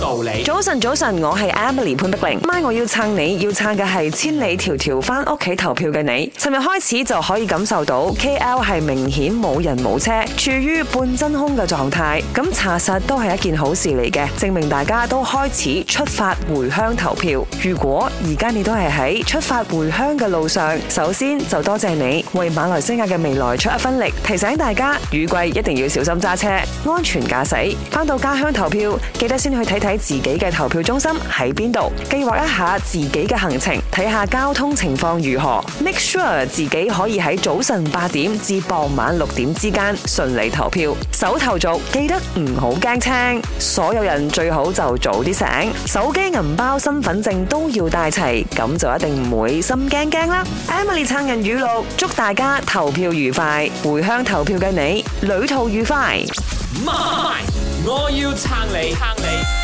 道理，你早晨，早晨，我係 Emily 潘德玲，今晚我要撐你，要撐嘅係千里迢迢翻屋企投票嘅你。尋日開始就可以感受到 KL 係明顯冇人冇車，處於半真空嘅狀態，咁查實都係一件好事嚟嘅，證明大家都開始出發回鄉投票。如果而家你都係喺出發回鄉嘅路上，首先就多謝你為馬來西亞嘅未來出一分力。提醒大家雨季一定要小心揸車，安全駕駛。翻到家鄉投票，記得先去睇。睇自己嘅投票中心喺邊度，計劃一下自己嘅行程，睇下交通情況如何。Make sure 自己可以喺早晨八點至傍晚六點之間順利投票。手頭足記得唔好驚青，所有人最好就早啲醒。手機、銀包、身份證都要帶齊，咁就一定唔會心驚驚啦。Emily 撐人語錄，祝大家投票愉快，回鄉投票嘅你旅途愉快。My, 我要撐你，撐你。